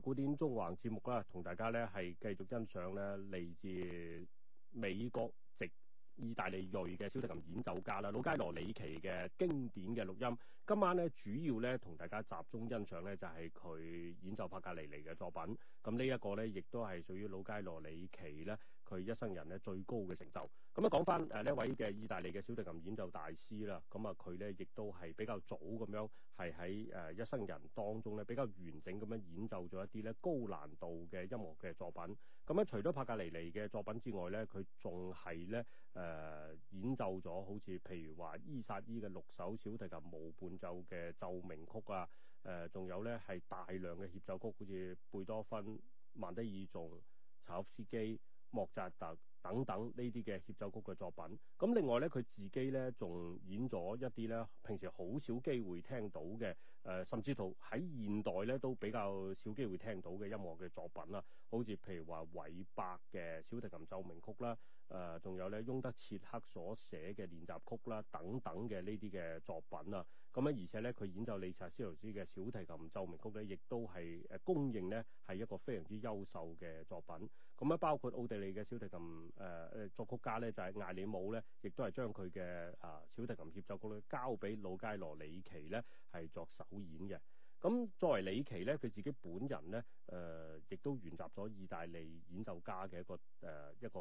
古典縱橫節目啦，同大家咧係繼續欣賞咧嚟自美國籍意大利裔嘅小提琴演奏家啦，老街羅里奇嘅經典嘅錄音。今晚咧主要咧同大家集中欣賞咧就係佢演奏帕格尼尼嘅作品。咁呢一個咧亦都係屬於老街羅里奇咧。佢一生人咧最高嘅成就咁啊。講翻誒呢位嘅意大利嘅小提琴演奏大師啦，咁啊，佢咧亦都係比較早咁樣，係喺誒一生人當中咧比較完整咁樣演奏咗一啲咧高難度嘅音樂嘅作品。咁咧除咗帕格尼尼嘅作品之外咧，佢仲係咧誒演奏咗好似譬如話伊薩伊嘅六首小提琴無伴奏嘅奏鳴曲啊，誒仲有咧係大量嘅協奏曲，好似貝多芬、孟德爾頌、柴可夫斯基。莫扎特、等等呢啲嘅協奏曲嘅作品，咁、嗯、另外咧佢自己咧仲演咗一啲咧平時好少機會聽到嘅，誒、呃、甚至乎喺現代咧都比較少機會聽到嘅音樂嘅作品啦，好似譬如話韋伯嘅小提琴奏鳴曲啦，誒、呃、仲有咧翁德切克所寫嘅練習曲啦等等嘅呢啲嘅作品啊。咁、嗯、咧而且咧佢演奏理察斯勞斯嘅小提琴奏鳴曲咧，亦都係誒、呃、公認咧係一個非常之優秀嘅作品，咁、嗯、咧包括奧地利嘅小提琴。誒、誒作曲家咧就係艾里姆咧，亦都係將佢嘅啊小提琴協奏曲咧交俾老街羅李奇咧係作首演嘅。咁作為李奇咧，佢自己本人咧誒、呃、亦都沿襲咗意大利演奏家嘅一個誒、呃、一個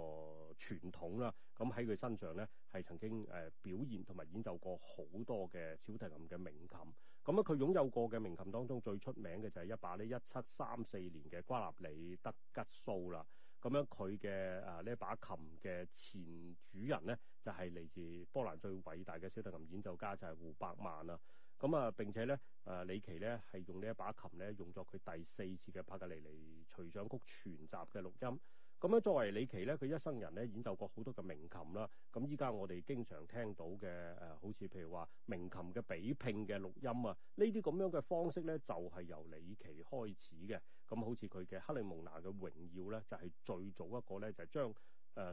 傳統啦。咁喺佢身上咧係曾經誒表演同埋演奏過好多嘅小提琴嘅名琴。咁啊，佢擁有過嘅名琴當中最出名嘅就係一把呢，一七三四年嘅瓜納里德吉蘇啦。咁樣佢嘅誒呢一把琴嘅前主人咧，就係、是、嚟自波蘭最偉大嘅小提琴演奏家就係、是、胡百萬啦。咁啊並且咧誒、啊、李奇咧係用呢一把琴咧用作佢第四次嘅帕格尼尼隨想曲全集嘅錄音。咁樣作為李奇咧，佢一生人咧演奏過好多嘅名琴啦。咁依家我哋經常聽到嘅誒、呃，好似譬如話名琴嘅比拼嘅錄音啊，呢啲咁樣嘅方式咧，就係由李奇開始嘅。咁好似佢嘅《克里蒙娜》嘅榮耀咧，就係最早一個咧，就係將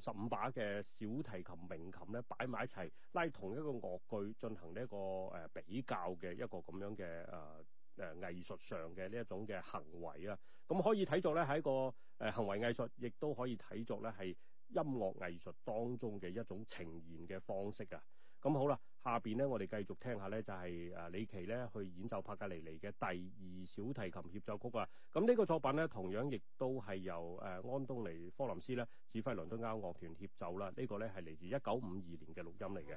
誒十五把嘅小提琴名琴咧擺埋一齊，拉同一個樂句進行呢一個誒比較嘅一個咁樣嘅誒。呃誒、呃、藝術上嘅呢一種嘅行為啊，咁可以睇作咧係一個誒、呃、行為藝術，亦都可以睇作咧係音樂藝術當中嘅一種呈現嘅方式啊。咁好啦，下邊咧我哋繼續聽下咧就係、是、誒、呃、李奇咧去演奏帕格尼尼嘅第二小提琴協奏曲啊。咁、這、呢個作品咧同樣亦都係由誒、呃、安東尼科林斯咧指揮倫敦交樂團協奏啦。呢個咧係嚟自一九五二年嘅錄音嚟嘅。